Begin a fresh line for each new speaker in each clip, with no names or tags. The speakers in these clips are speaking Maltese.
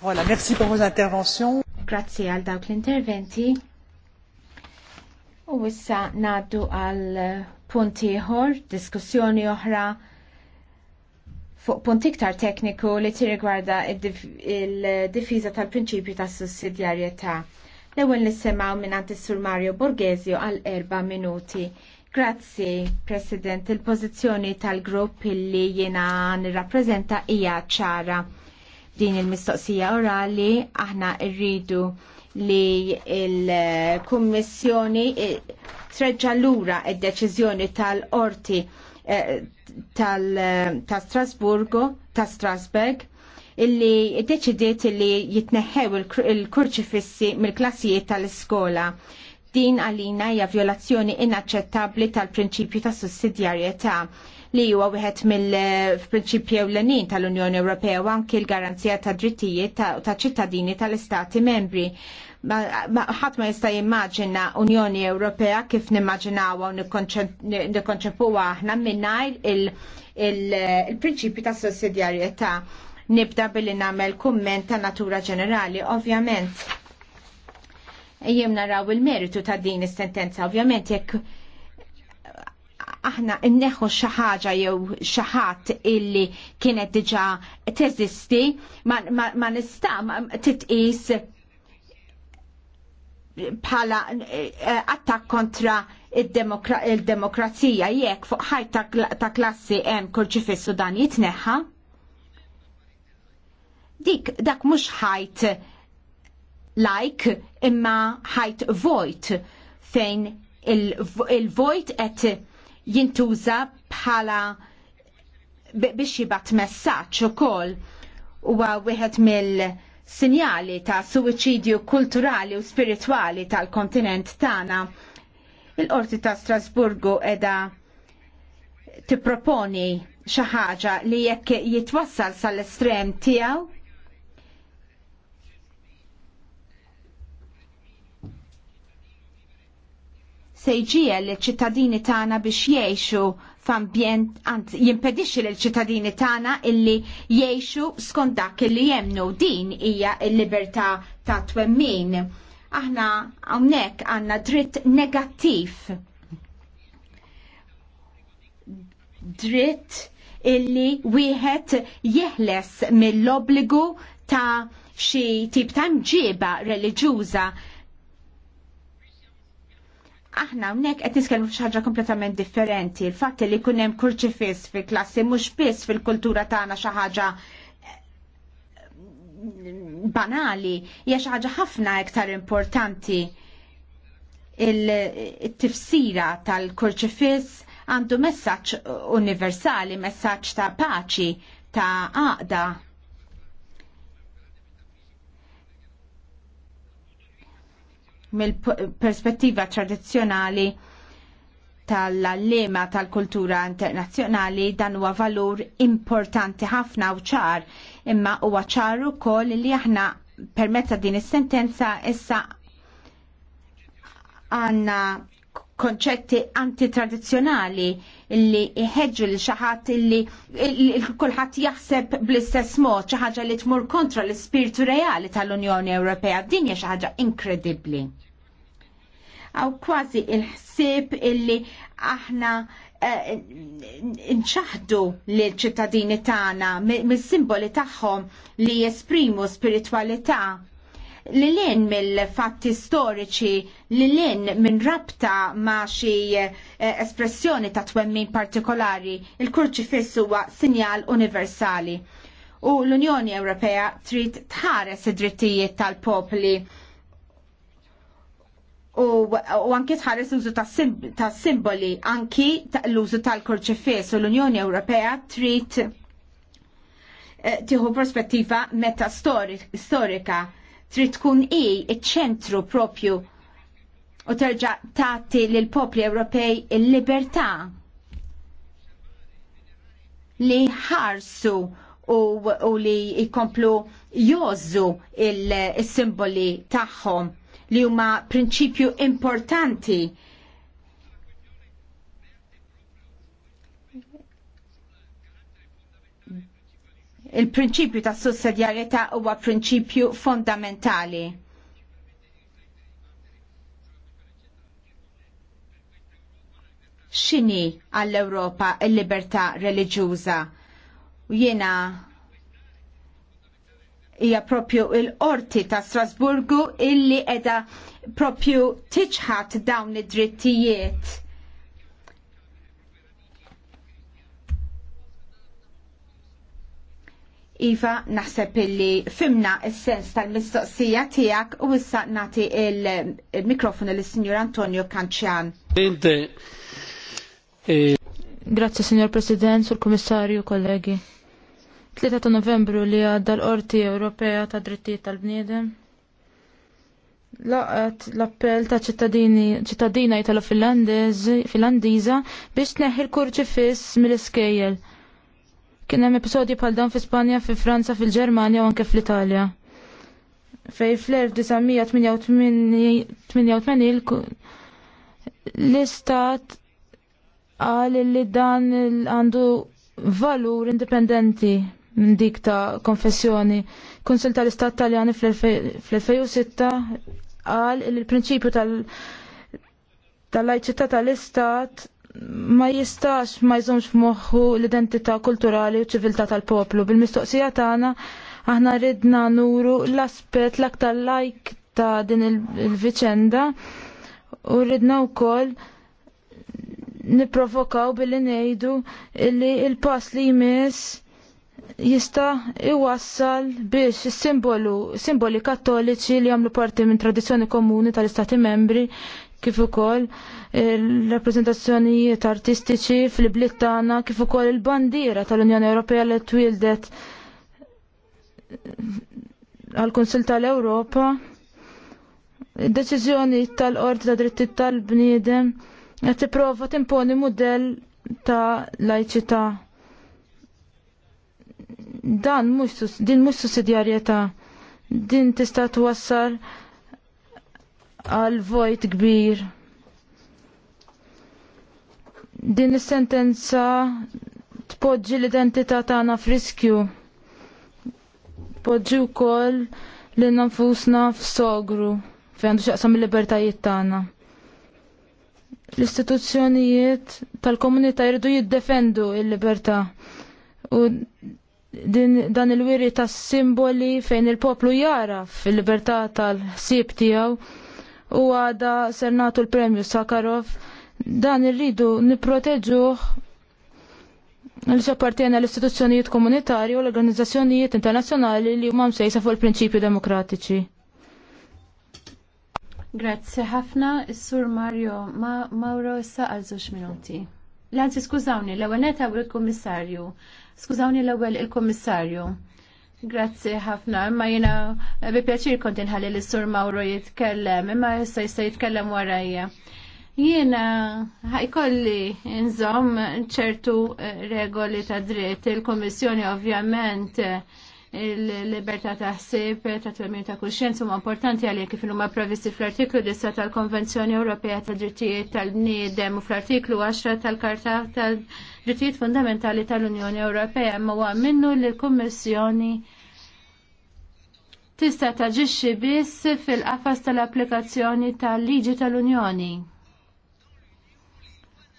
Voilà, merci pour vos interventions. Grazzi għal dawk l-interventi. U issa naddu għal punti ieħor, diskussjoni oħra fuq punt iktar tekniku li tirrigwarda il-difiża tal-prinċipju tas sussidjarjetà. L-ewwel nissemgħu minn is-Sur Mario Borgesio għal erba' minuti. Grazzi, President, il-pożizzjoni tal-grupp li jiena nirrappreżenta hija ċara din il-mistoqsija orali aħna rridu li il-Kummissjoni eh, treġġa lura id-deċiżjoni tal-Orti eh, ta' Strasburgo, ta' Strasberg, illi deċidiet li jitneħħew il-kurċifissi mill-klassijiet tal-iskola. Din għalina hija violazzjoni inaċċettabbli tal-prinċipju ta' sussidjarjetà. Ta li huwa wieħed mill-prinċipji ewlenin tal-Unjoni Ewropea u anki l-garanzija ta' drittijiet ta' ċittadini tal-Istati membri ħadd ma jista' jimmaġina Unjoni Ewropea kif nimmaġinawha u nikkonċepuha aħna mingħajr il-prinċipju ta' sussidjarjetà. Nibda billi nagħmel kumment ta' natura ġenerali, ovvjament. Jiem naraw il-meritu ta' din is-sentenza, ovvjament jekk aħna inneħu xi ħaġa jew xi ħadd illi kienet diġà teżisti ma, ma, ma nista' titqis bħala eh, attak kontra il-demokrazija jekk fuq ħaj ta' klassi hemm kurġifissu dan jitneħħa. Dik dak mhux ħajt like imma ħajt vojt fejn il-vojt qed jintuża bħala biex jibat messaġġ ukoll huwa wieħed mill-sinjali ta' suwiċidju kulturali u spiritwali tal-kontinent tagħna. Il-Qorti ta' Strasburgu edha tipproponi xi ħaġa li jekk jitwassal sal-estrem tiegħu se jġiel l-ċittadini tagħna biex jgħixu f'ambjent, anzi jimpedixxi lill-ċittadini tagħna illi jgħixu skont dak illi jemnu din hija l-libertà ta' twemmin. Aħna hawnhekk għandna dritt negattiv. Dritt illi wieħed jeħles mill-obbligu ta' xi tip ta' mġiba reliġjuża aħna hawnhekk qed niskelmu f'xi ħaġa kompletament differenti. Il-fatt li jkun hemm kurċifiss fil-klassi mhux biss fil-kultura tagħna xi ħaġa eh, banali, hija xi ħaġa ħafna iktar importanti il-tifsira tal-kurċifiss għandu messaġġ universali, messaġġ ta' paċi, ta' għaqda mill-perspettiva tradizzjonali tal lema tal-kultura internazzjonali dan huwa valur importanti ħafna u ċar imma huwa ċar ukoll li aħna permezza din is-sentenza issa għandna konċetti antitradizjonali li iħedġu li xaħat li kulħadd jaħseb bl-istess mod xi ħaġa li tmur kontra l-ispirtu reali tal-Unjoni Ewropea. Din hija xi ħaġa inkredibbli. Aw kważi il-ħsieb illi aħna eh, nċaħdu li ċittadini tagħna mis-simboli tagħhom li jesprimu spiritualità li l-in mill-fatti storiċi, li l-in minn rabta ma xi eh, espressjoni ta' twemmin partikolari, il-kurċifiss huwa sinjal universali. U l-Unjoni Ewropea trid tħares id-drittijiet tal-popli u anki tħares l-użu ta' simboli, anki l-użu tal-kurċifis u l-Unjoni Ewropea trid eh, tieħu prospettiva meta storika trid tkun i iċ-ċentru propju u terġa' tagħti lil popli Ewropej il-libertà li ħarsu u, u li jkomplu jożu il-simboli tagħhom li huma prinċipju importanti Il-prinċipju ta' sussedjarjetà huwa prinċipju fondamentali. X'inhi għall-Ewropa l-libertà reliġjuża? Jiena hija propju il-qorti ta' Strasburgu illi edha propju tiċħat dawn id-drittijiet Iva, naħseb illi fimna il-sens tal-mistoqsija tijak u issa nati il-mikrofonu l-Signor Antonio Kanċan. Eh,
Grazie, Signor President, Sur Komissarju, kollegi. 3 ta' novembru li għadda l-Orti Ewropea ta' Drittijiet tal-Bniedem. Laqat l-appell ta' ċittadina italo-finlandiza biex tneħħi l-kurċi fiss mill-iskejjel Kien hemm episodji bħal dan fi Spanja, fi Franza, fil-Ġermanja u anke fl-Italja. Fej fl-1988 l-istat qal li dan għandu valur indipendenti minn dik ta' konfessjoni. Konsil tal-Istat Taljani fl-2006 qal li l-prinċipju tal-lajċità tal-Istat ma jistax ma jżomx f'moħħu l-identità kulturali u ċiviltà tal-poplu. Bil-mistoqsija tagħna aħna ridna nuru l-aspett l-aktar lajk ta' din il-viċenda u ridna wkoll niprovokaw billi ngħidu li il-pass li jmiss jista iwassal biex simbolu simboli kattoliċi li għamlu parti minn tradizzjoni komuni tal-Istati membri kif ukoll il-rappreżentazzjonijiet artistiċi fil-bliet tagħna, kif ukoll il-bandiera tal-Unjoni Ewropea li twildet għal-Kunsil tal-Ewropa. id Deċiżjoni tal-Qorti ta' Dritti tal-Bniedem qed tipprova timponi mudell ta' lajċità. Dan mhux din mhux sussidjarjetà din tista' twassal għal vojt kbir. Din is-sentenza tpoġġi l-identità tagħna friskju. Poġġi wkoll li nfusna f'sogru fejn għandu xaqsam il-libertajiet tagħna. L-istituzzjonijiet tal-komunità jridu jiddefendu il-libertà u din, dan il-wiri tas simboli fejn il-poplu jaraf fil libertà tal-ħsieb tiegħu u għada ser l-premju Sakarov dan irridu niproteġu li sopartijena l-istituzzjonijiet komunitari u l-organizzazzjonijiet internazzjonali li huma msejsa fuq il-prinċipju demokratiċi.
Grazzi ħafna, is-Sur Mario ma Mauro issa għal żewġ minuti. Lanzi skużawni, l-ewwel neta u l-Kummissarju. Skużawni l-ewwel il-Kummissarju. il il kummissarju Grazzi ħafna, imma jina eh, bi pjaċir kont inħalli li sur Mauro jitkellem, imma jissa jissa jitkellem warajja. Jiena ħajkolli nżom ċertu eh, regoli ta' dritt, il komissjoni ovvjament eh, il-libertà ta' ħsib, ta' twemmin ta' kuxjenza huma importanti għalli kif huma previsti fl-artiklu 10 tal-Konvenzjoni Ewropea ta' Drittijiet tal-Bniedem u fl-artiklu 10 tal-Karta tal-Drittijiet Fundamentali tal-Unjoni Ewropea imma minnu l-Kummissjoni tista' taġixxi biss fil-qafas tal-applikazzjoni tal-liġi tal-Unjoni.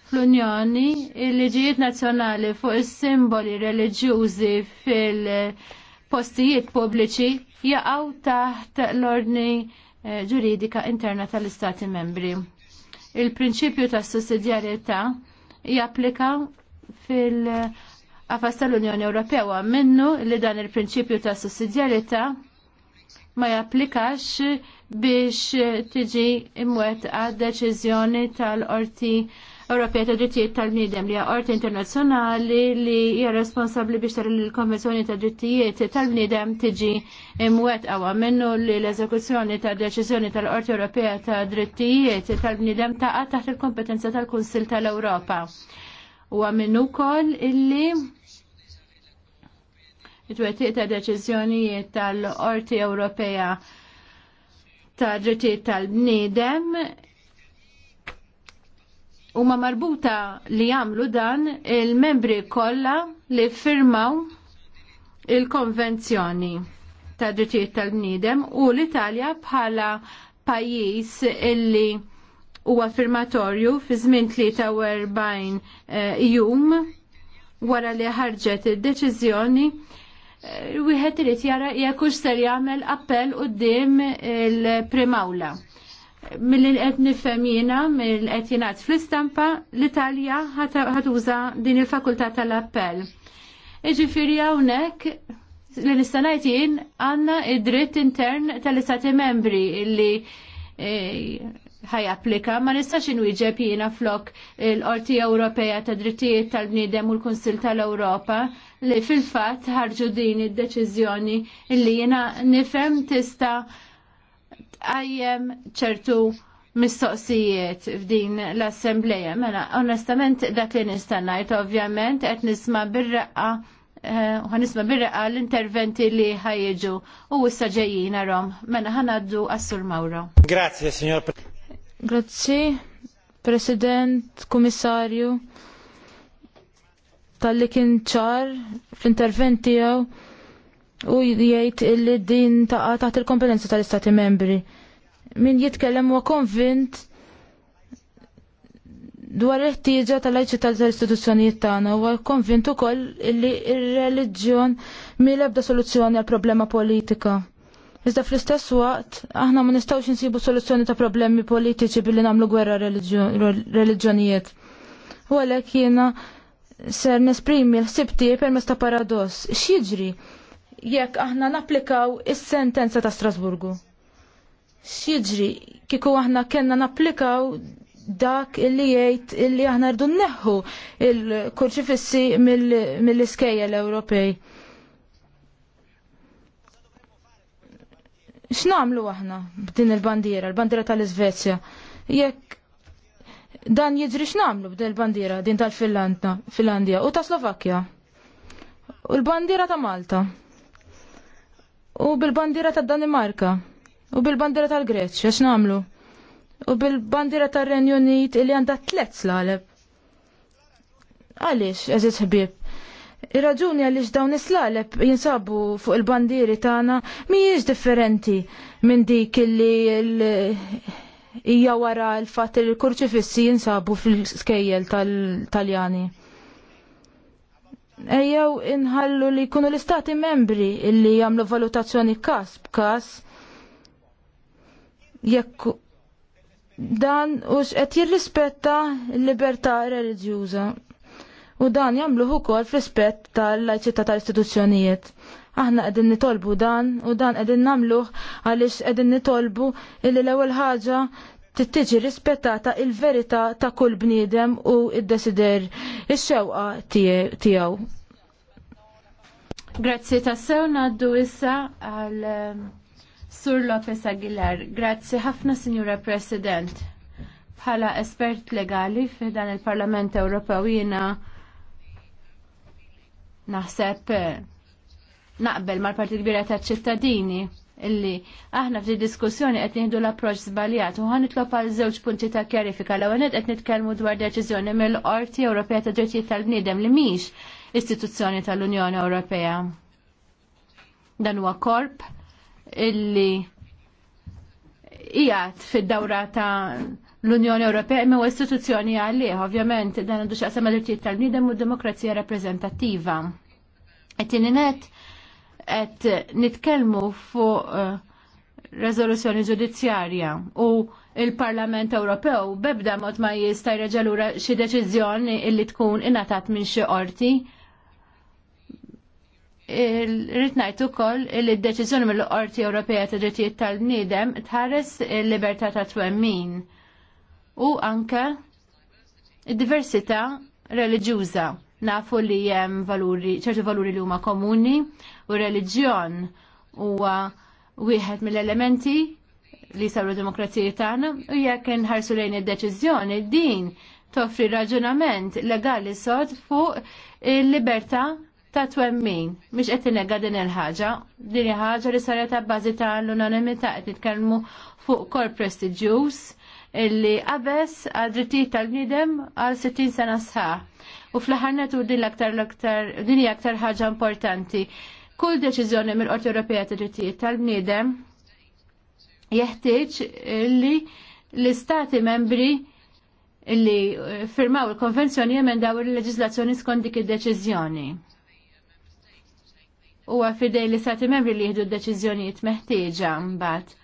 Fl-Unjoni, il-liġijiet nazzjonali fuq is-simboli reliġjużi fil-postijiet pubbliċi jaqgħu taħt l-ordni eh, ġuridika interna tal-Istati membri. Il-prinċipju tas sussidjarjetà japplika fil- qafas tal-Unjoni Ewropea minnu li dan il-prinċipju ta' sussidjarjetà ma japplikax biex tiġi imwet għad deċiżjoni tal-Qorti Ewropea ta' Drittijiet tal-Bniedem li qorti internazzjonali li hija responsabbli biex tara li l-Konvenzjoni ta' Drittijiet tal-Bniedem tiġi imwet għawa minnu li l-eżekuzzjoni ta' deċiżjoni tal-Qorti Ewropea ta' Drittijiet tal-Bniedem taqa' taħt il-kompetenza tal-Kunsil tal-Ewropa. U għamennu kol illi it-twettiq ta' deċiżjonijiet tal-Qorti Ewropea ta' drittijiet tal-bniedem huma marbuta li jagħmlu dan il-membri kollha li firmaw il-konvenzjoni ta' drittijiet tal-bniedem u l-Italja bħala pajjiż illi huwa firmatorju fi żmien 43 eh, jum wara li ħarġet id-deċiżjoni wieħed irid jara jekk hux ser jagħmel appell quddiem il-primawla. Mill-li qed nifhem jiena mill-qed jingħad fl-istampa l-Italja ħatuża din il-fakultà tal-appell. Iġifieri hawnhekk li nista' ngħid jien għandna id-dritt intern tal-istati membri li eh, applika, ma nistax inwieġeb jiena flok l-Qorti Ewropea ta' Drittijiet tal-Bniedem u l-Kunsil tal-Ewropa li fil-fatt ħarġu din id-deċiżjoni li jiena nifhem tista' għajjem ċertu mistoqsijiet f'din l-assembleja. Mela, onestament dak li nista' ngħid ovvjament qed nisma' bir eh, u ħanisma birreqa l-interventi li ħajġu u issa ġejjin rom. Mena ħanaddu għassur Mawro.
Grazie, signor Presidente.
Grazzi, President, Komissarju,
tal-li kien ċar fl-intervent tiegħu u jgħid illi din taqa' taħt il-kompetenza tal-Istati membri. Min jitkellem huwa konvint dwar il-ħtieġa tal ħajċi tal-istituzzjonijiet tagħna huwa konvint ukoll illi ir-reliġjon l ebda soluzzjoni għal problema politika. Iżda fl-istess waqt, aħna ma nistgħux insibu soluzzjoni ta' problemi politiċi billi nagħmlu gwerra reliġjonijiet. U għalhekk jiena ser nesprimi l-sibti permezz ta' paradoss. X'jiġri jekk aħna napplikaw is-sentenza ta' Strasburgu? X'jiġri kieku aħna kellna napplikaw dak illi jgħid illi aħna rdu nneħħu il-kurċifissi mill l Ewropej. X'namlu aħna b'din il-bandiera, l-bandiera tal-Iżvezja? Jekk dan jiġri x'namlu b'din il-bandiera din tal-Finlandja u ta' Slovakkja. U l-bandiera ta' Malta. U bil-bandiera ta' Danimarka. U bil-bandiera tal-Greċja x'namlu? U bil-bandiera tar-Renju Unit li għandha tliet slaleb. Għaliex, eżiz ħbib, Ir-raġuni għaliex dawn is islalep jinsabu fuq il-bandiri tagħna mhijiex differenti minn dik illi hija wara l-fatt li l-kurċifissi jinsabu fil-skejjel tal-Taljani. Ejjew inħallu li jkunu l-istati membri illi jagħmlu valutazzjoni każ b'każ jekk dan u qed jirrispetta l-libertà reliġjuża U dan jagħmluh ukoll fl-ispett tal-lajċità tal-istituzzjonijiet. Aħna qegħdin nitolbu dan u dan qegħdin nagħmluh għaliex qegħdin nitolbu illi l-ewwel ħaġa tiġi rispettata il-verità ta' kull bniedem u id-desider ix-xewqa tiegħu.
Grazzi tassew naddu issa għal ehm, Sur Lopez Aguilar. Grazzi ħafna, Signora President. Bħala espert legali f'dan il-Parlament Ewropew jiena Naħseb eh, naqbel mal-parti kbira ta' ċittadini illi aħna f'di diskussjoni qed nieħdu l-approċċ żbaljat u ħan nitlob għal żewġ punti ta' kjarifika l-ewwel qed nitkellmu dwar deċiżjoni mill-Qorti Ewropea ta' Drittijiet tal-Bniedem li mhix istituzzjoni tal-Unjoni Ewropea. Dan huwa korp illi qiegħed fid-dawra ta' l-Unjoni Ewropea imma istituzzjoni għalih, ovvjament dan għandu xaqsa għal-irtijiet tal-bniedem u demokrazija rappreżentattiva. Qed net qed nitkellmu fuq eh, rezoluzzjoni ġudizzjarja u il-Parlament Ewropew bebda mod ma jista' jreġalura xi deċiżjoni illi tkun ingħatat minn xi qorti. Rrid ngħid ukoll li d-deċiżjoni mill-Qorti Ewropea ta' Drittijiet tal-Bniedem tħares il-libertà ta' twemmin u anke id-diversità reliġjuża. Nafu li hemm valuri, ċertu valuri li huma komuni u reliġjon huwa wieħed mill-elementi li saru demokrazija tagħna u jekk inħarsu lejn id-deċiżjoni din toffri raġunament legali sod fuq il-libertà ta' twemmin. Mhix qed tinnega din il-ħaġa, din ħaġa li saret ta' bażi ta' l-unanimità qed nitkellmu fuq kor prestiġjuż illi qabeż għad drittijiet tal-bniedem għal 60 sena sħaħ. U fl-aħħar netu din l-aktar l-aktar din hija aktar ħaġa importanti. Kull deċiżjoni mill-Qorti Ewropea ta' drittijiet tal-bniedem jeħtieġ illi l-istati membri illi eh, firmaw il-konvenzjoni jemendaw il-leġislazzjoni skont dik id-deċiżjoni huwa fidej li l-istati membri li jihdu d-deċizjonijiet meħtieġa mbagħad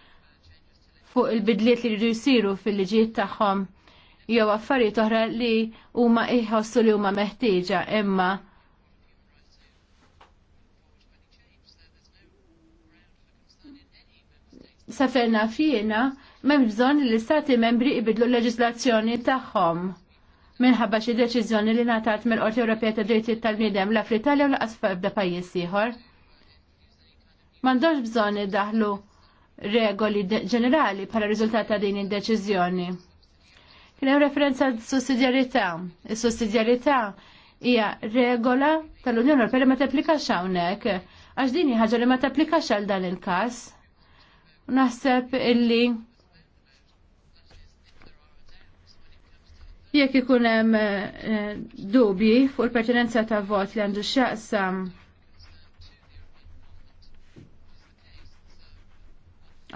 fuq il-bidliet li jridu jsiru fil-liġijiet tagħhom jew affarijiet oħra li huma iħossu li huma meħtieġa imma saferna fjena m'hemm bżonn li l-istati membri jbidlu l-leġislazzjoni tagħhom minħabba xi deċiżjoni li ngħatat mill-Qorti Ewropea ta' Drittijiet tal-Bniedem la fl-Italja u laqas f'ebda pajjiż ieħor. M'għandhomx bżonn idaħlu regoli ġenerali para riżultat ta' din id-deċiżjoni. Kien hemm referenza sussidjarjetà. Is-sussidjarjetà hija regola tal-Unjoni Ewropea li ma tapplikax hawnhekk għax din ħaġa li ma tapplikax għal dan il-każ. Naħseb illi jekk ikun hemm eh, dubji fuq il-pertinenza ta' vot li għandu x'jaqsam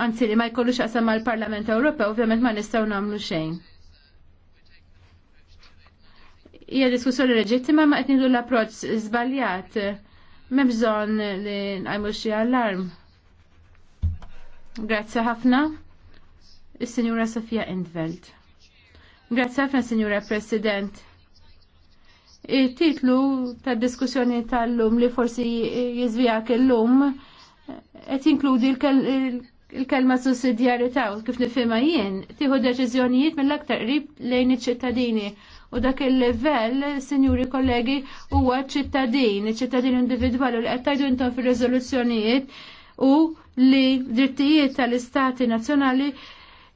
anzi li ma jkollux qasam mal-Parlament Ewropew, ovvjament ma nistgħu nagħmlu xejn. Hija diskussjoni leġittima ma qed l-approċċ żbaljat. M'hemm bżonn li nqajmu xi allarm. Grazzi ħafna. Is-Sinjura Sofia Endveld. Grazzi ħafna, Sinjura President il-titlu ta' diskussjoni tal-lum li forsi jizvijak il-lum, jinkludi inkludi il-kelma sussidjarita u kif nifhimha jien tieħu deċiżjonijiet mill-aktar qrib lejn iċ-ċittadini u dak il-livell, sinjuri kollegi, huwa ċittadin, ċittadin individwali li qed tgħidu intom fir-riżoluzzjonijiet u li drittijiet tal-istati nazzjonali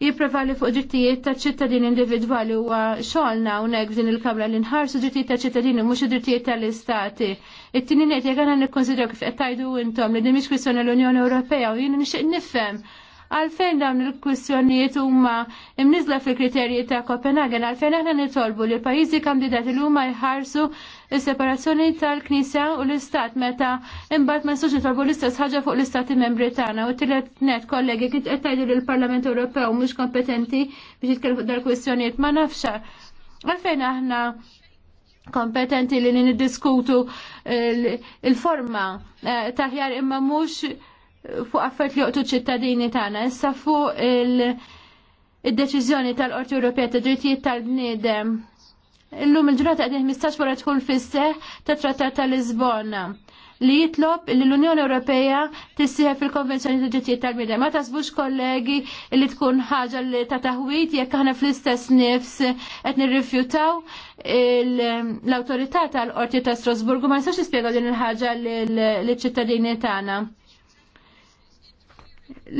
jipprevali fuq drittijiet ta' ċittadini individwali huwa xogħolna hawnhekk f'din il-kamra li nħarsu drittijiet ta' ċittadini mhux id-drittijiet tal-istati. It-tieni ngħid jekk aħna nikkonsidraw kif qed tgħidu intom li din mhix kwistjoni l-Unjoni Ewropea u jien nixtieq nifhem għalfejn dawn il-kwistjonijiet huma imnizla fil-kriterji ta' Kopenhagen, għalfejn aħna nitolbu li pajjiżi kandidati li huma jħarsu is-separazzjoni tal-Knisja u l-Istat meta imbagħad ma s-soċi tal l-istess ħaġa fuq l-Istati Membri tagħna u tilet net kollegi kien qed tgħidu lill l-Parlament Ewropew mhux kompetenti biex jitkellmu fuq dal-kwistjonijiet ma nafxa. Għalfejn aħna kompetenti li niddiskutu il-forma eh, ta' ħjar imma mhux fuq affert li joqtu ċittadini tagħna, issa fuq il- id-deċiżjoni tal-Qorti Ewropea ta' Drittijiet tal-Bniedem illum il-ġurnata għadin mistax wara tħul fis ta' Trattat ta' Lisbona li jitlob li l-Unjoni Ewropea tissieħ fil-Konvenzjoni ta' ġittijiet tal-bidem. Ma tasbux kollegi li tkun ħaġa li ta' taħwit jekk aħna fl-istess nifs qed nirrifjutaw l-awtorità tal-Qorti ta' Strasburgu ma jistax jispjegaw din il-ħaġa lill-ċittadini tagħna.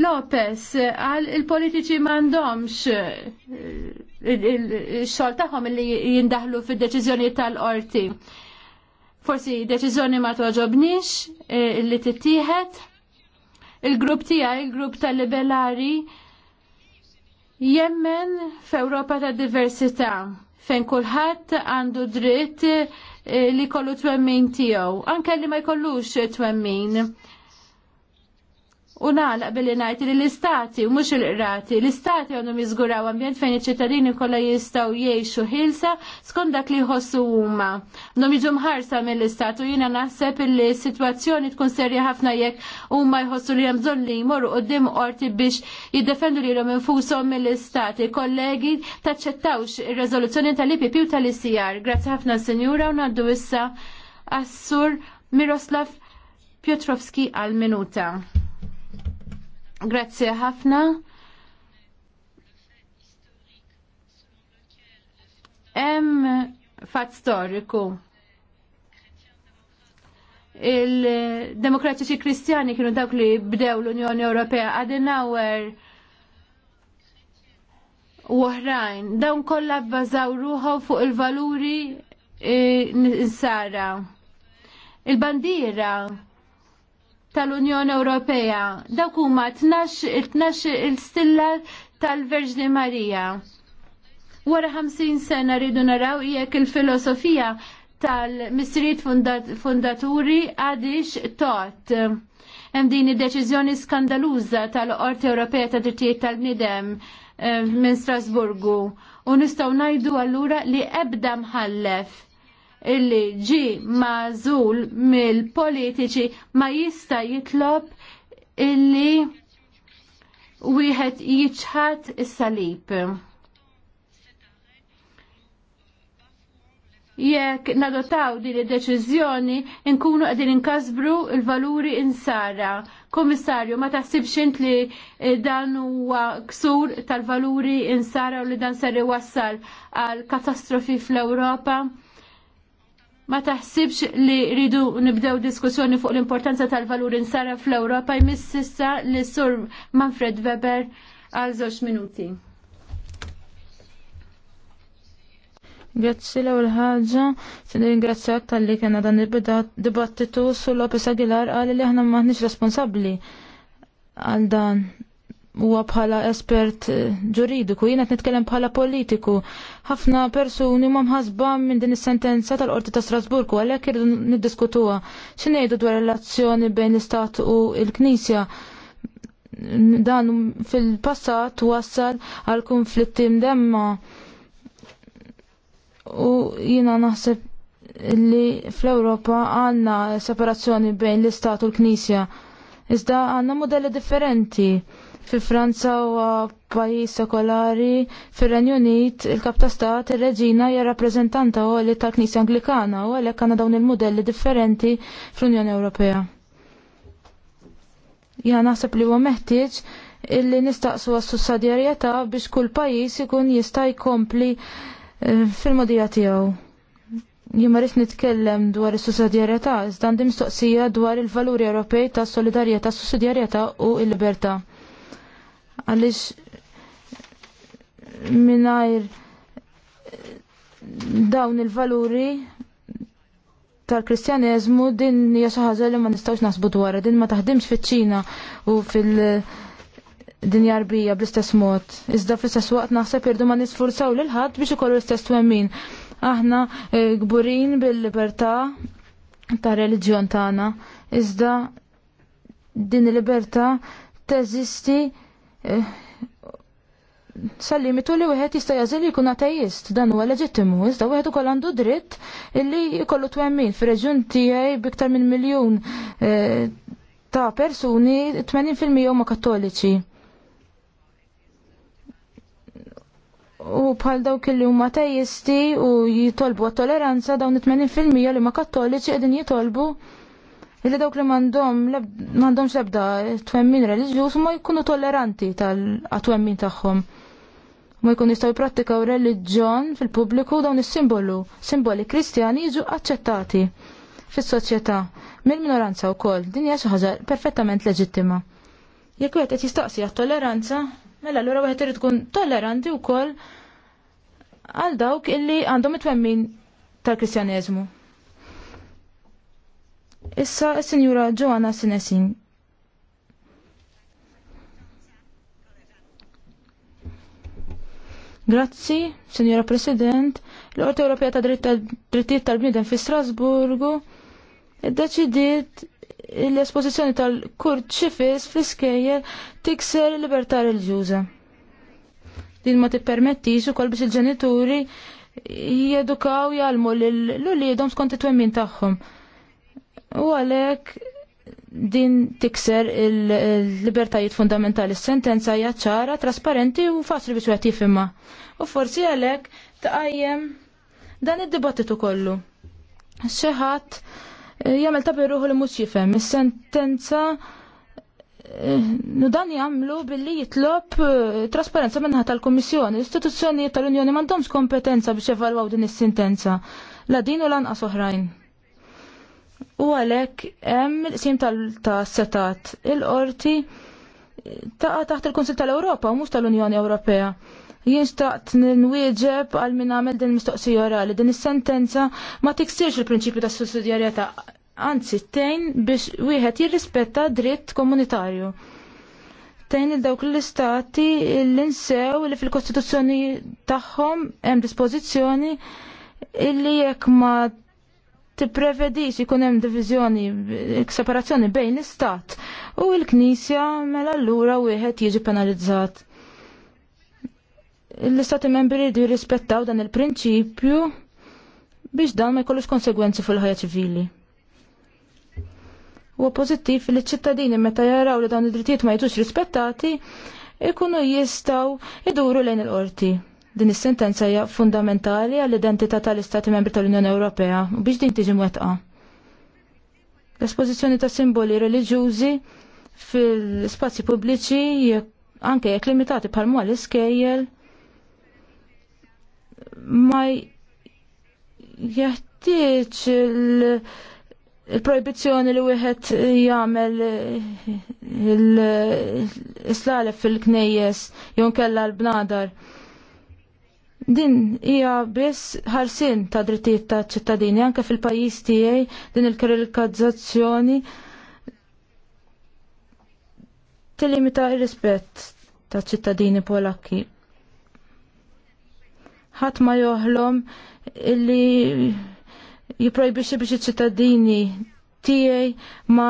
Lopez, għal il-politiċi mandomx il-xol taħħom li jindahlu fid deċizjoni tal-qorti. Forsi deċizjoni ma toġobnix eh, li tittieħed. Il-grupp tiegħi, il-grupp tal-liberali, jemmen f'Ewropa ta' diversità fejn kulħadd għandu dritt eh, li kollu twemmin tiegħu, anke li ma jkollux twemmin U naħlaq billi najt li l-istati, u mux il-qrati, l-istati għandhom jizguraw ambjent fejn iċ-ċittadini kollha jistgħu jgħixu ħilsa skont dak li jħossu huma. Għandhom jiġu mħarsa mill istati u jiena naħseb li s-sitwazzjoni tkun serja ħafna jekk huma jħossu li hemm bżonn li jmorru qudiem qorti biex jiddefendu lilhom infushom mill-istati. Kollegi taċċettawx ir-reżoluzzjoni tal-IPP u tal-ICR. Grazzi ħafna Sinjura u ngħaddu issa Assur Miroslav Piotrowski għal-minuta. Grazzi ħafna. Hemm fatt storiku il-demokratiċi kristjani kienu dawk li bdew l-Unjoni Ewropea Adenauer u oħrajn. Dawn kollha bbażaw ruħu fuq il-valuri insara. Eh, Il-bandiera tal-Unjoni Ewropea. Dak huma tnax 12 il-stilla tal-Verġni Marija. Wara 50 sena rridu naraw jekk il-filosofija tal-misriet fundaturi għadix tot. Hemm din id-deċiżjoni skandaluża tal-Qorti Ewropea ta' Drittijiet tal-Bniedem eh, minn Strasburgu u nistgħu ngħidu allura li ebda mħallef illi ġi mażul mill-politiċi ma jista' jitlob illi wieħed jiċħat is-salib. Jekk nadotaw din id-deċiżjoni nkunu qegħdin inkasbru l-valuri insara. Komissarju, ma taħsibx int li eh, dan huwa ksur tal-valuri insara u li dan ser iwassal għal katastrofi fl-Ewropa? ma taħsibx li rridu nibdew diskussjoni fuq l-importanza tal-valur insara fl-Ewropa jmississa li sur Manfred Weber għal żewġ minuti.
Grazzi l ewwel ħaġa, se ringrazzjak tal-li kena dan il-dibattitu su Lopez Aguilar għal li aħna maħniex responsabbli għal dan huwa bħala espert eh, ġuridiku, jiena qed nitkellem bħala politiku. Ħafna persuni ma mħasba minn din is-sentenza tal-Qorti ta' Strasburgu għalhekk irdu niddiskutuha. ngħidu dwar relazzjoni bejn l-Istat u l-Knisja? Dan fil-passat wassal għal konflitti mdemma. U jiena naħseb li fl-Ewropa għandna separazzjoni bejn l-Istat u l-Knisja. Iżda għandna modelli differenti. Fi Franza huwa pajjiż sekolari, fir-Renju Unit il-kap ta' stat ir-reġina hija u għoli tal-Knisja Anglikana u għalhekk għandna dawn il-modelli differenti fl-Unjoni Ewropea. Ja naħseb li huwa meħtieġ illi nistaqsu għas-sussadjarjetà biex kull pajjiż ikun jista' jkompli eh, fil-modija tiegħu. Jimma rrit nitkellem dwar is-sussidjarjetà, iżda għandi mistoqsija dwar il-valuri Ewropej ta' solidarjetà, sussidjarjetà u l-libertà. Għaliex mingħajr dawn il-valuri tal-kristjaneżmu din hija xi ħaġa li ma nistgħux naħsbu dwarha, din ma taħdimx fiċ-Ċina u fil- dinja rbija bl-istess mod. Iżda fl-istess waqt naħseb irdu ma nisfurzaw lil ħadd biex ikollu l-istess twemmin. Aħna eh, gburin bil-libertà ta' reliġjon tagħna, iżda din il-libertà teżisti eh, sal-limitu li wieħed jista' jażil li jkun ateist, dan huwa leġittimu, iżda wieħed ukoll għandu dritt illi jkollu twemmin. Fir-reġjun tiegħi biktar minn miljun eh, ta' persuni 80% huma kattoliċi. u bħal dawk li huma tejjisti u jitolbu għat-toleranza dawn it-80% li ma kattoliċi qegħdin jitolbu illi dawk li m'għandhom m'għandhomx ebda twemmin reliġjuż ma jkunu tolleranti tal-twemmin tagħhom. Ma jkunu jistgħu jipprattikaw reliġjon fil-pubbliku dawn is-simbolu, simboli kristjani jiġu aċċettati fis-soċjetà mill-minoranza wkoll. Din hija xi ħaġa perfettament leġittima. Jekk wieħed qed jistaqsi għat-toleranza, Mela l-ura wieħed irid tkun tolleranti wkoll għal dawk illi għandhom it-twemmin tal-Kristjaneżmu. Issa s-Sinjura Joanna Sinesin. Grazzi, Sinjura President, l orta Ewropea ta' Drittijiet tal-Bniedem fi Strasburgu iddeċidiet l-esposizjoni tal-kurt xifis fl-iskejjel tikser libertà reliġjuża. Din ma tippermettix ukoll biex il-ġenituri jedukaw jgħalmu l-uliedhom skont it-twemmin tagħhom. U għalhekk din tikser il-libertajiet fundamentali s-sentenza hija ċara, trasparenti u faċli biex wieħed jifhimha. U forsi għalhekk taqajjem dan id-dibattitu kollu. Xi ħadd jagħmel tabir ruħu li mhux jifhem. Is-sentenza eh, dan jagħmlu billi jitlob eh, trasparenza minnaħa tal-Kummissjoni. L-istituzzjonijiet tal-Unjoni m'għandhomx kompetenza biex evalwaw din is-sentenza. La din u lanqas oħrajn. U għalhekk hemm sim tal-setat il-qorti taqa taħt il-Kunsil tal-Ewropa u mhux tal-Unjoni Ewropea. Jien xtaqt nwieġeb għal min għamel din mistoqsija orali. Din is-sentenza ma tiksirx il-prinċipju ta' sussidjarjetà, anzi tejn biex wieħed jirrispetta dritt komunitarju. Tejn il dawk l-istati l-insew li fil-kostituzzjoni tagħhom hemm dispożizzjoni illi jekk ma tipprevedix ikun hemm diviżjoni separazzjoni bejn l-istat u l-Knisja mela allura wieħed jiġi penalizzat l-istati membri jridu jirrispettaw dan il-prinċipju biex dan ma jkollux konsegwenzi fil-ħajja ċivili. Huwa pożittiv li ċ-ċittadini meta jaraw li dawn id-drittijiet ma jitux rispettati ikunu jistaw iduru lejn il-qorti. Din is-sentenza hija fundamentali għall-identità tal-Istati Membri tal-Unjoni Ewropea u biex din tiġi mwettqa. L-espożizzjoni ta' simboli reliġjużi fil-spazji pubbliċi anke jekk limitati bħal mwal iskejjel ma jeħtieġ il-proibizjoni li wieħed jagħmel l-islalef fil-knejjes jew nkella l-bnadar. Din hija biss ħarsin ta' drittijiet ta' ċittadini anke fil-pajjiż tiegħi din il-krilkazzazzjoni tilimita ir-rispett ta' ċittadini Polakki ħadd ma joħlom illi jiprojbixi biex iċ-ċittadini tiegħi ma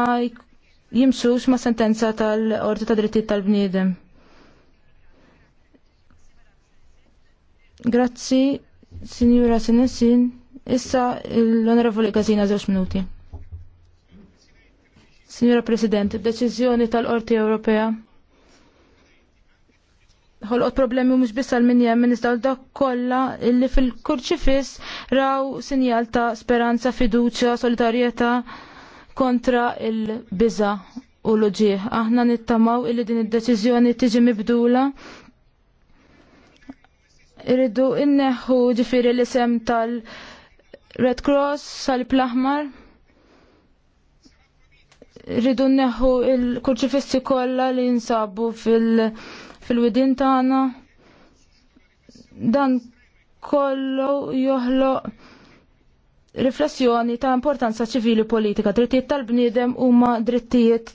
jimxux ma' sentenza tal-Qorti ta' Drittijiet tal-Bniedem. Grazzi, Sinjura Sinessin. Issa l-Onorevoli Gazina żewġ minuti. Signora President, deċiżjoni tal-Qorti Ewropea ħolqot problemi mhux biss għal min jemmen iżda dak kollha illi fil-kurċifis raw sinjal ta' speranza, fiduċja, solidarjetà kontra il-biża u l-ġieħ. Aħna nittamaw illi din id-deċiżjoni tiġi mibdula irridu inneħu ġifiri l-isem tal-Red Cross, sal plaħmar Irridu inneħu il-kurċifissi kolla li jinsabu fil- fil-widin tagħna dan kollu joħloq riflessjoni ta' importanza ċivili politika. Drittijiet tal-bniedem huma drittijiet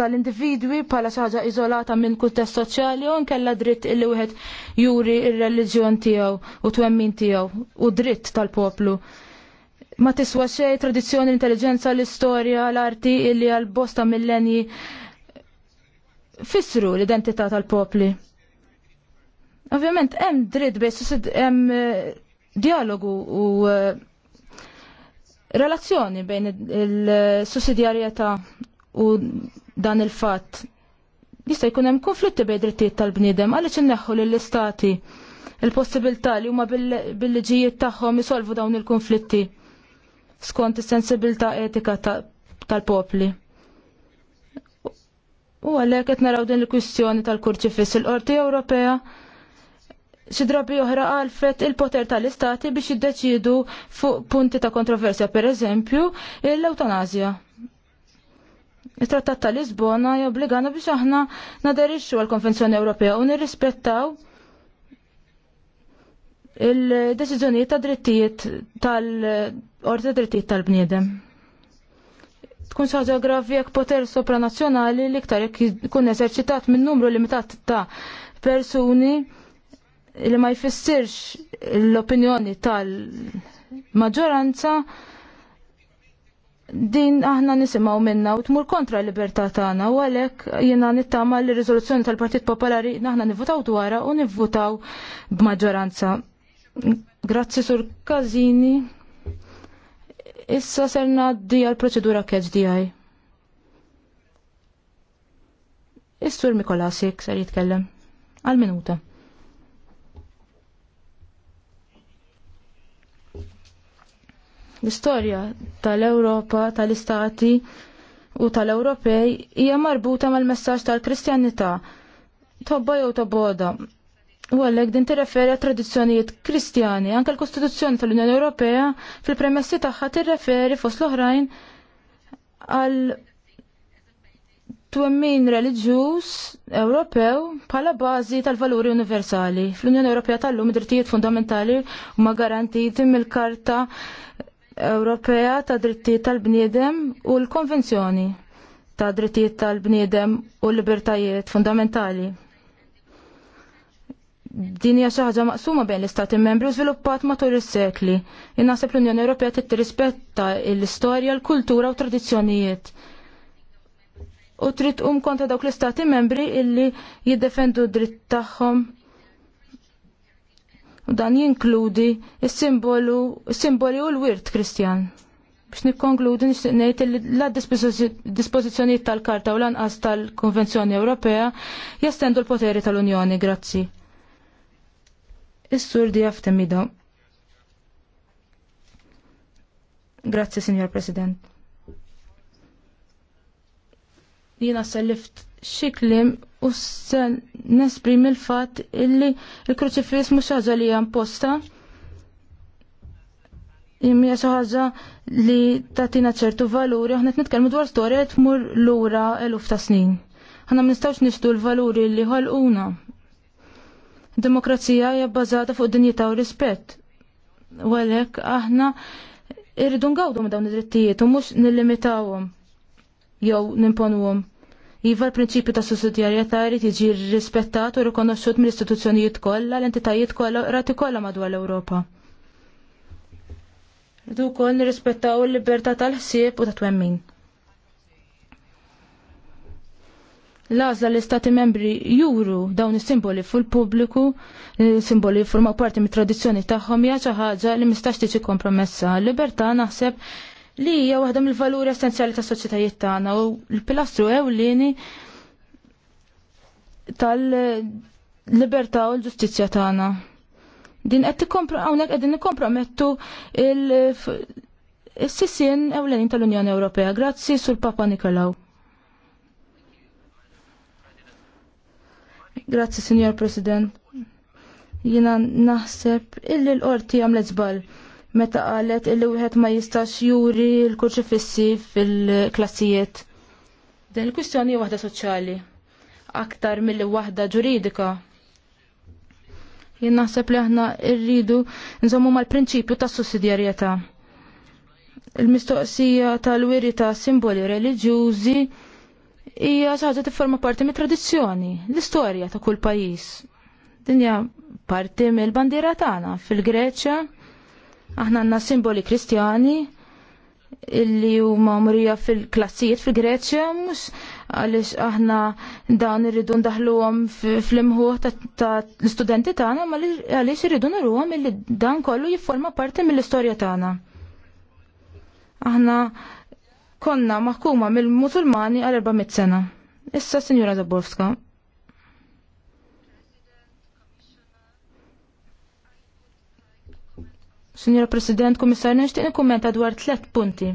tal-individwi bħala xi ħaġa iżolata minn kuntest soċjali u nkella dritt illi wieħed juri r-reliġjon tiegħu u twemmin tiegħu u dritt tal-poplu. Ma tiswa xej tradizzjoni, intelligenza, l-istorja, l-arti illi għal-bosta millenji fissru l-identità tal-popli. Ovvjament, hemm dritt biex hemm eh, dialogu u eh, relazzjoni bejn il-sussidjarjetà u dan il-fatt. Jista' jkun hemm konflitti bejn drittijiet tal-bniedem għaliex inneħħu lill-istati il-possibilità li huma bil-liġijiet tagħhom isolvu dawn il-konflitti skont is-sensibilità etika tal-popli. Ta U għalhekk qed naraw din il-kwistjoni tal-kurċi fiss il-Qorti Ewropea xi drabi oħra għalfet il-poter tal-istati biex jiddeċidu fuq punti ta' kontroversja, per eżempju, l-eutanazja. Il-Trattat tal-Lisbona jobbligana biex aħna naderixxu għal-Konvenzjoni Ewropea u nirrispettaw il-deċiżjonijiet ta' drittijiet tal-Orti Drittijiet tal-Bniedem tkun saħġa gravi jekk poter sopranazzjonali li ktar jekk ikun eżerċitat minn numru limitat ta' persuni li ma jfissirx l-opinjoni tal-maġġoranza din aħna nisimaw minna u tmur kontra l-libertà tagħna u għalhekk jiena nittama li riżoluzzjoni tal-Partit Popolari aħna nivvutaw dwarha u nivvutaw b'maġġoranza. Grazzi sur Kazini. Issa ser naddi għal proċedura kħedż DI. Is-sur Mikolasik ser jitkellem għal minuta. L-istorja tal-Ewropa, tal-Istati u tal-Ewropej hija marbuta mal-messaġġ tal-Kristjanità. Tobba jew toboda, U għallek din tirreferi għal tradizzjonijiet kristjani, anke l-Kostituzzjoni tal-Unjoni Ewropea fil-premessi tagħha tirreferi fost l-oħrajn għal twemmin reliġjuż Ewropew bħala bażi tal-valuri universali. Fl-Unjoni Ewropea tal-lum drittijiet fundamentali huma garantiti mill-Karta Ewropea ta' drittijiet tal-bniedem u l-Konvenzjoni ta' drittijiet tal-bniedem u l-libertajiet fundamentali. Din hija xi ħaġa maqsuma bejn l-Istati membri u żviluppat matul is-sekli. Innaħseb l-Unjoni Ewropea trid tirrispetta l-istorja, l-kultura u tradizzjonijiet. U trid tqum kontra dawk l-Istati membri illi jiddefendu dritt tagħhom. U dan jinkludi s simbolu simboli u l-wirt Kristjan. Biex nikkonkludi nixtieq ngħid li l-dispożizzjonijiet tal-Karta u lanqas tal-Konvenzjoni Ewropea jestendu l-poteri tal-Unjoni. Grazzi. Is-sur di jaftemido. Grazzi, Signor President. Jina sellift xiklim u sen nesprim il-fat illi il-kruċifis mux ħaġa li jamposta. Imja ħaġa li tatina ċertu valuri, ħna t-nitkelmu dwar storja tmur l-ura eluf ta' snin. ħana mnistawx nishtu l-valuri li ħolquna Demokrazija hija bbażata fuq dinjità u rispett. U għalhekk aħna irridu ngawdu ma' dawn id-drittijiet u mhux nillimitawhom jew nimponuhom. Iva l-prinċipju ta' sussidjarjetà jrid jiġi rispettat u rikonoxxut mill-istituzzjonijiet kollha, l-entitajiet kollha, rati kollha madwar l-Ewropa. Rridu wkoll nirrispettaw il-libertà tal-ħsieb u ta' twemmin. L-għażla l-istati membri juru dawn is-simboli il pubbliku eh, simboli formaw parti mit-tradizzjoni tagħhom hija xi ħaġa li mistax tiġi kompromessa. Libertà naħseb li hija waħda mill-valuri essenzjali tas-soċjetajiet tagħna u l-pilastru ewlieni tal-libertà u l-ġustizzja tagħna. Din qed hawnhekk qegħdin nikkompromettu il-sissien ewlenin tal-Unjoni Ewropea. Grazzi sur Papa Nikolaw. Grazzi, Signor President. Jina naħseb illi l-qorti għamlet zbal. Meta qalet illi wieħed ma jistax juri l-kurċifissi fil-klassijiet. Din il-kwistjoni waħda soċjali. Aktar mill waħda ġuridika. Jien naħseb li aħna rridu nżommu mal-prinċipju tas sussidjarjetà. Il-mistoqsija tal-wirita simboli reliġjużi hija xi ħaġa tifforma parti mit tradizzjoni l-istorja ta' kull pajjiż. Dinja parti mill-bandiera tagħna fil-Greċja aħna għandna simboli kristjani illi huma murija fil-klassijiet fil-Greċja mhux għaliex aħna dan irridu ndaħluhom fl-imħuħ ta' l-istudenti tagħna ma għaliex irridu nuruhom illi dan kollu jifforma parti mill-istorja tagħna. Aħna konna maħkuma mill-Musulmani għal 400 sena. Issa, Signora Zaborska. Signora President, Komissar, nishtiq nikkummenta dwar tlet punti.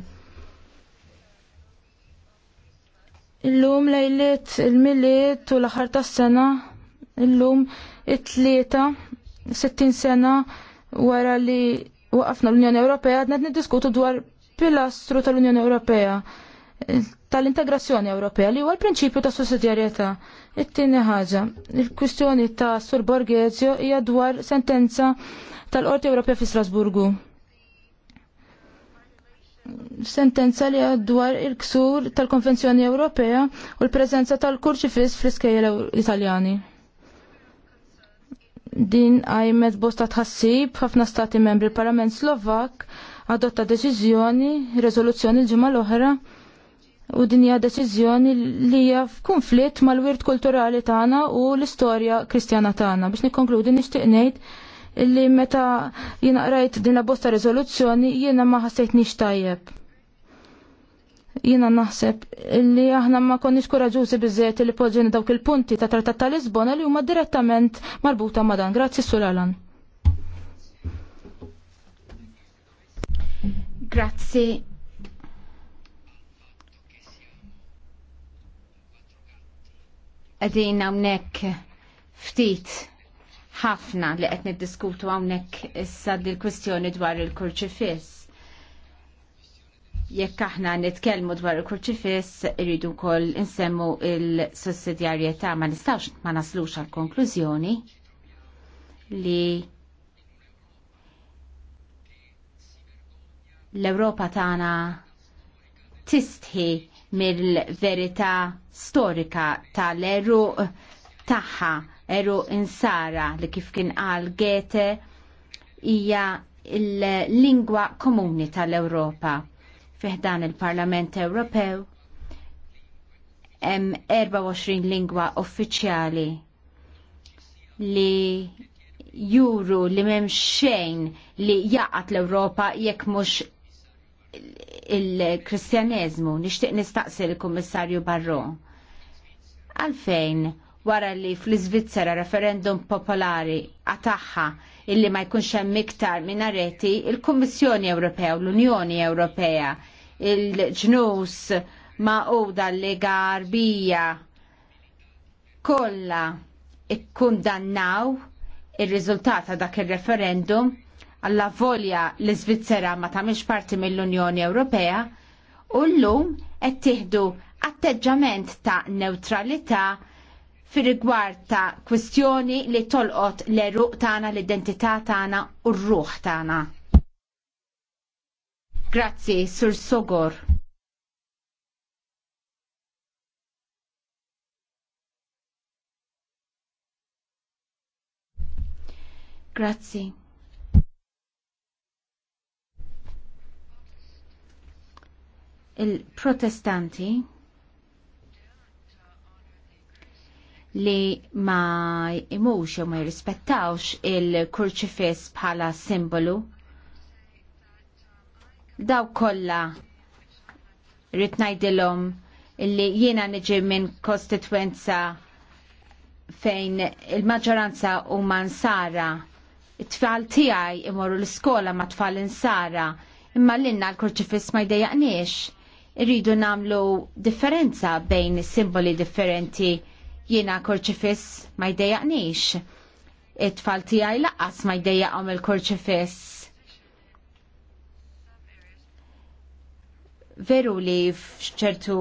Illum lejlit il-miliet u l-aħħar tas-sena, illum it-tlieta 60 sena wara li waqafna l-Unjoni Ewropea għadna niddiskutu dwar pilastru tal-Unjoni Ewropea tal-integrazzjoni Ewropea li huwa l-prinċipju ta' sussidjarjetà. It-tieni ħaġa, il-kwistjoni ta' Sur Borghezio hija dwar sentenza tal-Qorti Ewropea fi Strasburgu. Sentenza li dwar il-ksur tal-Konvenzjoni Ewropea u l-preżenza tal-kurċifis fl-iskejjel Italjani. Din għajmet bosta tħassib ħafna stati membri parlament Slovak adotta deċiżjoni, rezoluzzjoni l-ġimgħa l-oħra u din hija deċiżjoni li hija f'kunflitt mal-wirt kulturali tagħna u l-istorja kristjana tagħna. Biex nikkonkludi nixtieq ngħid li meta jiena qrajt din la bosta riżoluzzjoni jiena ma ħassejtniex tajjeb. Jiena naħseb li aħna ma konniex kuraġużi biżżejjed li poġġejna dawk il-punti ta' Trattat ta' Lisbona li huma direttament marbuta ma' dan. Grazzi Sulalan.
Grazzi. Għadin għawnek ftit ħafna li qed niddiskutu hawnhekk issa l kwistjoni dwar il-kurċifiss. Jekk aħna nitkellmu dwar il-kurċifiss, irridu kol insemmu il-sussidjarjetà ma nistawx ma naslux għal konklużjoni li l-Ewropa tagħna tistħi mill-verità storika tal-eru tagħha, eru insara li kif kien qal gete hija il-lingwa komuni tal-Ewropa. Fiħdan il-Parlament Ewropew hemm 24 lingwa uffiċjali li juru li m'hemm xejn li jaqat l-Ewropa jekk mhux il-kristjanezmu, nixtieq nistaqsi lill kummissarju Barro. Għalfejn wara li fl-Iżvizzera referendum popolari għataħħa illi ma jkunx hemm iktar minareti, il-Kummissjoni Ewropea u l-Unjoni Ewropea, il-ġnus ma' l-Lega Arbija kollha ikkundannaw ir-riżultat ta' dak ir referendum għalla volja l-Svizzera ma tamix parti mill-Unjoni Ewropea u l-lum qed tieħdu atteġġament ta' neutralità fir rigward ta' kwistjoni li tolqot l-eruq tagħna, l-identità tagħna u r-ruħ tagħna. Grazzi, Sur Sogor. Grazzi. il-protestanti li ma imux u ma jirrispettawx il kurċifis bħala simbolu. Daw kolla ritnajdilom li jiena niġi minn kostituenza fejn il-maġġoranza u sara It-tfal tijaj imorru l-skola ma tfal insara imma l-inna l kurċifis ma jdejaqniex irridu namlu differenza bejn simboli differenti jiena korċifis ma jdejaqnix. It-tfal tiegħi laqqas ma jdejaqhom il-korċifis. Veru li f'ċertu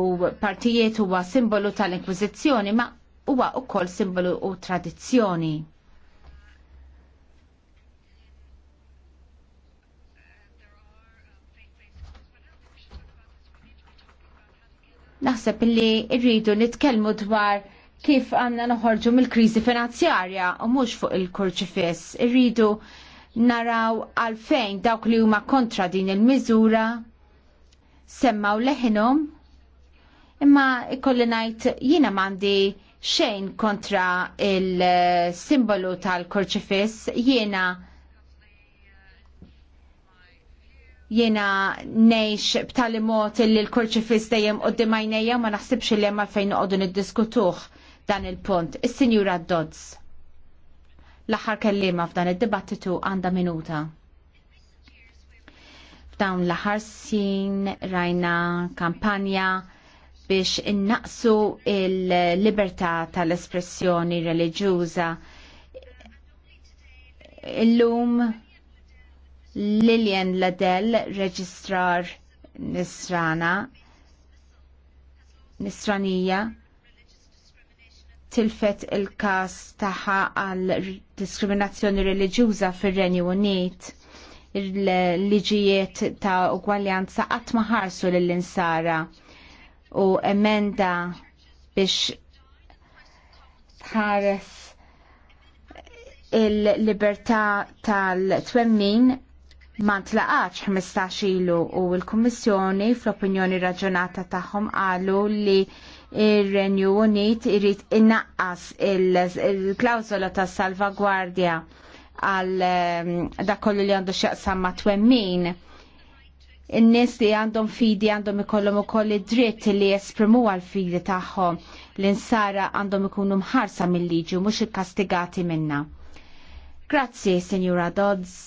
partijiet huwa simbolu tal-Inkwiżizzjoni ma huwa wkoll simbolu u tradizzjoni. Naħseb li rridu nitkellmu dwar kif għanna noħorġu mill-krizi finanzjarja u mhux fuq il-kurċifiss. Irridu naraw għalfejn dawk li huma kontra din il-miżura semmaw leħinhom imma ikolli ngħid jiena m'għandi xejn kontra il-simbolu tal-kurċifiss jiena Jiena nejx b'tali mod li l-kurċifis dejjem u dimajnejja ma naħsibx li jemma fejn għodu niddiskutuh dan il-punt. Is-Sinjura Dodds, l-axar kellima f'dan id-dibattitu għanda minuta. F'dawn l-axar sin rajna kampanja biex innaqsu il-libertà tal-espressjoni reliġjuża. Illum Lillian Ladell, reġistrar Nisrana, Nisranija, tilfet il-kas taħa għal diskriminazzjoni reliġjuża fir-Renju Unit il-liġijiet ta' ugwaljanza qatt ma ħarsu lill-insara u emenda biex tħares il-libertà tal-twemmin ma tlaqax 15 ilu u l-Kummissjoni fl-opinjoni raġunata tagħhom qalu li ir-Renju Unit irid innaqqas il-klawżola ta' salvagwardja għal ehm, dakollu li għandu x'jaqsam ma' twemmin. In-nies li għandhom fidi għandhom ikollhom ukoll id-dritt li jesprimu għal fidi tagħhom l-insara għandhom ikunu mħarsa mill-liġi mhux ikkastigati minna. Grazzi, Signora Dodds.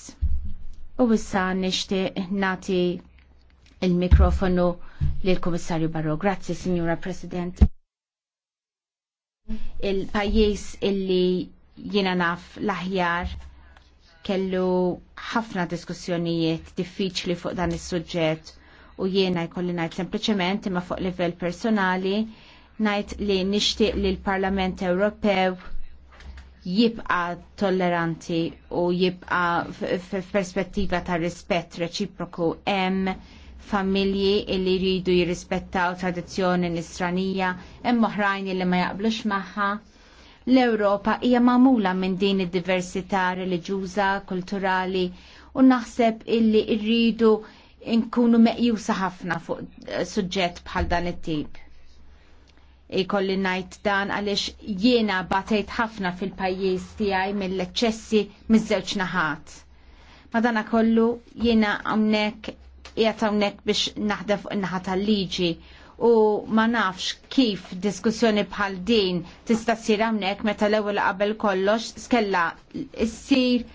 U issa nixtieq nati il-mikrofonu lill kummissarju Barro. Grazzi, Signora President. Il-pajjiż illi jina naf l-aħjar kellu ħafna diskussjonijiet diffiċli fuq dan is-suġġett u jiena jkolli ngħid sempliċement imma fuq livell personali ngħid li nixtieq li l-Parlament Ewropew jibqa tolleranti u jibqa f'perspettiva ta' rispett reċiproku hemm familji illi ridu jirrispettaw tradizzjoni nisranija, hemm moħrajni li ma jaqblux magħha. L-Ewropa hija magħmula minn din id-diversità reliġjuża, kulturali u naħseb illi rridu nkunu meqjusa ħafna fuq eh, suġġett bħal dan it-tip ikolli najt dan għalix jiena batejt ħafna fil-pajjiż tiegħi mill-eċċessi miż-żewġ naħat. Madana kollu jiena hawnhekk qiegħed hawnhekk biex naħdem fuq in-naħa tal-liġi u ma nafx kif diskussjoni bħal din tista' ssir hawnhekk meta l-ewwel qabel kollox skella issir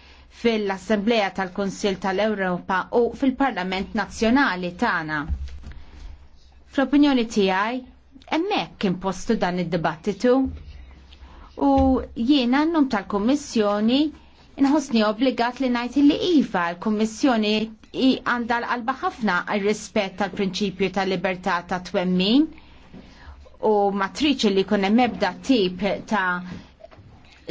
fil-Assembleja tal-Kunsil tal-Ewropa u fil-Parlament Nazzjonali tagħna. Fl-opinjoni tiegħi Emmek kien postu dan id-dibattitu u jiena n-num tal-Kommissjoni nħosni obbligat li najt li iva l-Kommissjoni għandha għalba ħafna għal-rispett tal-prinċipju tal-libertà ta' twemmin u matriċi li kunem mebda tip ta'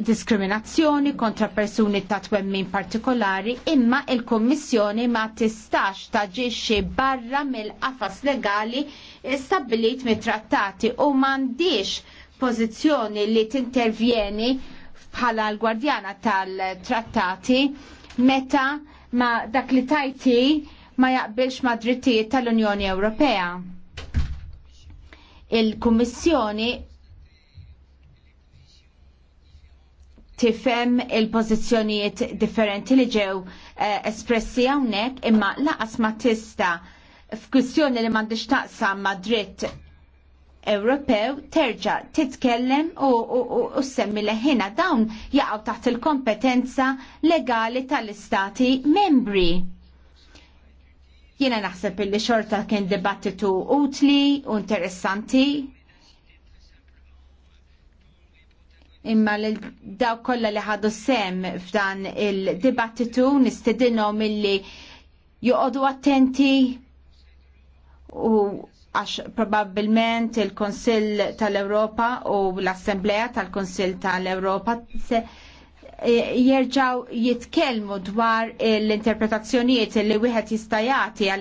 diskriminazzjoni kontra persuni ta' twemmin partikolari imma il-Kommissjoni ma tistax taġiexi barra mill-qafas legali stabilit mit-trattati u mandiex pożizzjoni li t-intervjeni bħala l-gwardjana tal-trattati meta ma dak li tajti ma jaqbilx ma drittijiet tal-Unjoni Ewropea. Il-Kummissjoni tifhem il-pożizzjonijiet differenti li ġew eh, espressi hawnhekk imma laqas ma tista' f'kwistjoni li m'għandix taqsam ma' dritt Ewropew terġa titkellem u semmi leħina dawn jaqgħu taħt il-kompetenza legali tal-istati membri. Jiena naħseb illi xorta kien dibattitu utli u interessanti imma l-daw kolla li ħadu sem f'dan il-dibattitu nistedinom milli juqodu attenti u għax probabbilment il-Konsil tal-Europa u l assemblea tal-Konsil tal-Europa se e, jerġaw jitkelmu dwar l-interpretazzjonijiet li wieħed jista' jagħti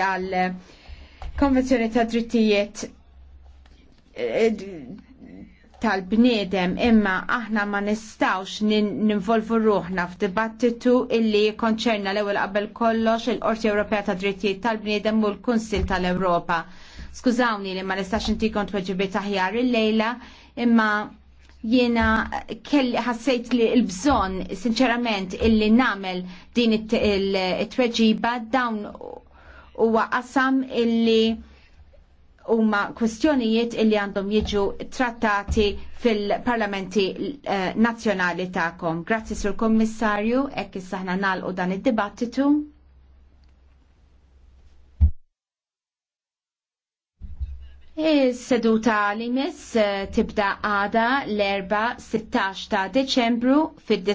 għall-konvenzjoni ta' drittijiet e, tal-bniedem imma aħna ma nistawx ninvolvu ruħna f'dibattitu illi konċerna l ewwel qabel kollox il-Qorti Ewropea ta' Drittijiet tal-Bniedem u l-Kunsil tal-Ewropa. Skużawni li ma nistax inti kont weġibi taħjar il-lejla imma jiena kelli ħassejt li l bżonn sinċerament illi namel din it-tweġiba dawn huwa qasam illi huma kwestjonijiet illi għandhom jiġu trattati fil-parlamenti eh, nazzjonali tagħkom. Grazzi sur kommissarju, hekk issa ħna nagħlqu dan id-dibattitu. Is-seduta l miss eh, tibda għada l-erba' 16 ta' Deċembru fid